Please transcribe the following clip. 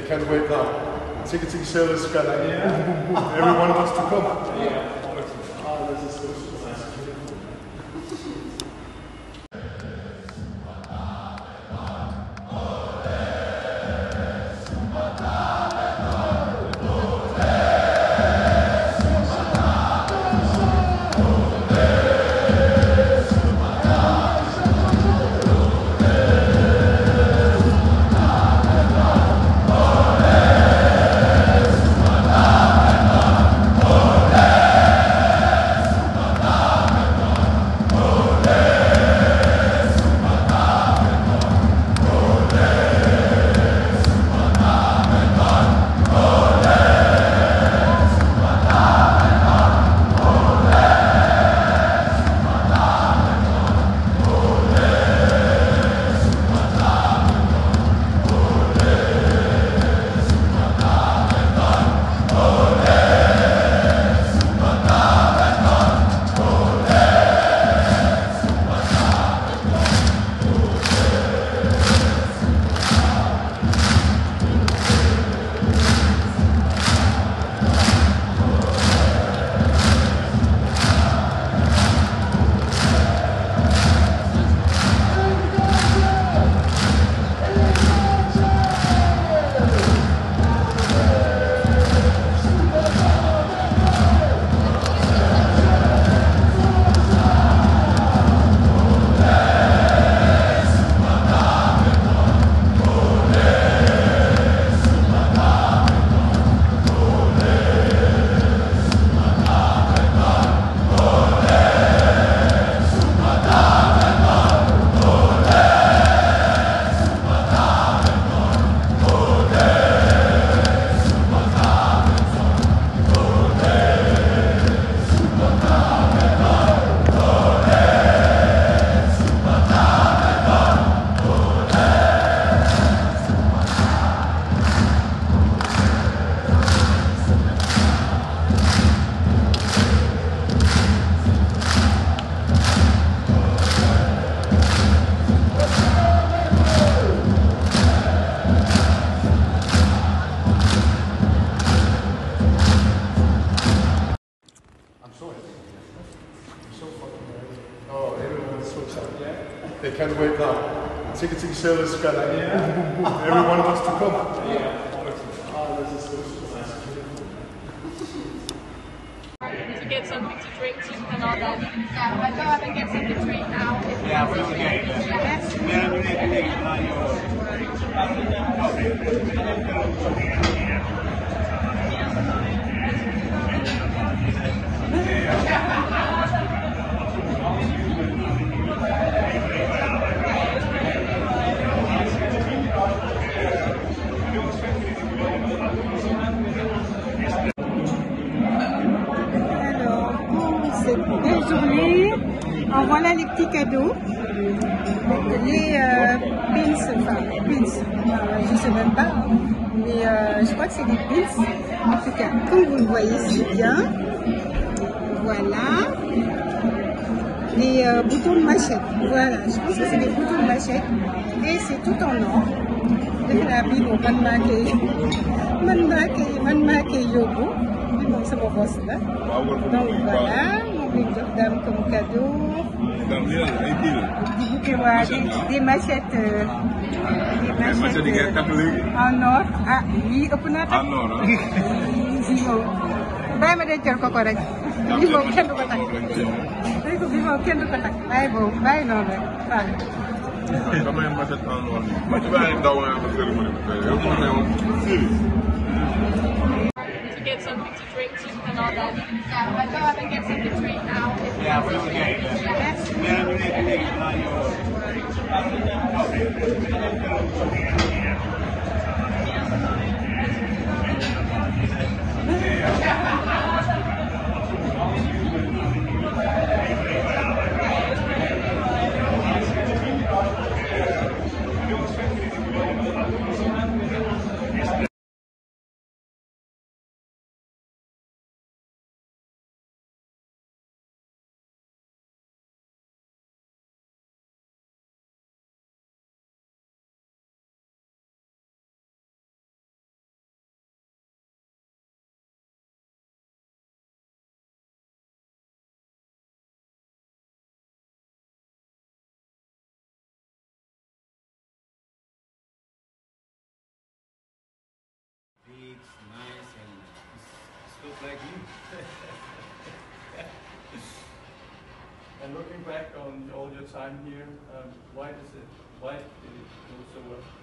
they can't wait now. Ticket Ticket Service got an Everyone wants to come. Yeah. service guy. Yeah. Everyone wants to come. Yeah. To get something to drink and all that. Yeah, but go up and get something to drink now. Yeah, we're okay. Yeah. Yeah. Yeah. Yeah. Yeah. Yeah. Yeah. Yeah. En voilà les petits cadeaux. Les euh, pins, enfin pins, je ne sais même pas, mais euh, je crois que c'est des pins. En tout cas, comme vous le voyez, c'est bien. Voilà. Les euh, boutons de machette. Voilà, je pense que c'est des boutons de machette. Et c'est tout en or. defe naa bii moom man maa koy man maa koy man maa koy yóbbu. bii moom sama bos la. donc voilà. Afrique daf daan comme di bouquet waa di di machette. di machette euh, euh, en or ah yii ma dencal ko ko rek. bi moom kenn du ko takk. dégg nga bi moom kenn du ko takk bàyyi boobu bàyyi noonu rek waaw. damay machette en get something to drink, so you can order. Yeah, but go up and get something to drink now. Yeah, we're okay. Yeah, we need to make it on your... Okay. And looking back on all your time here, um, why does it, why did it go so well?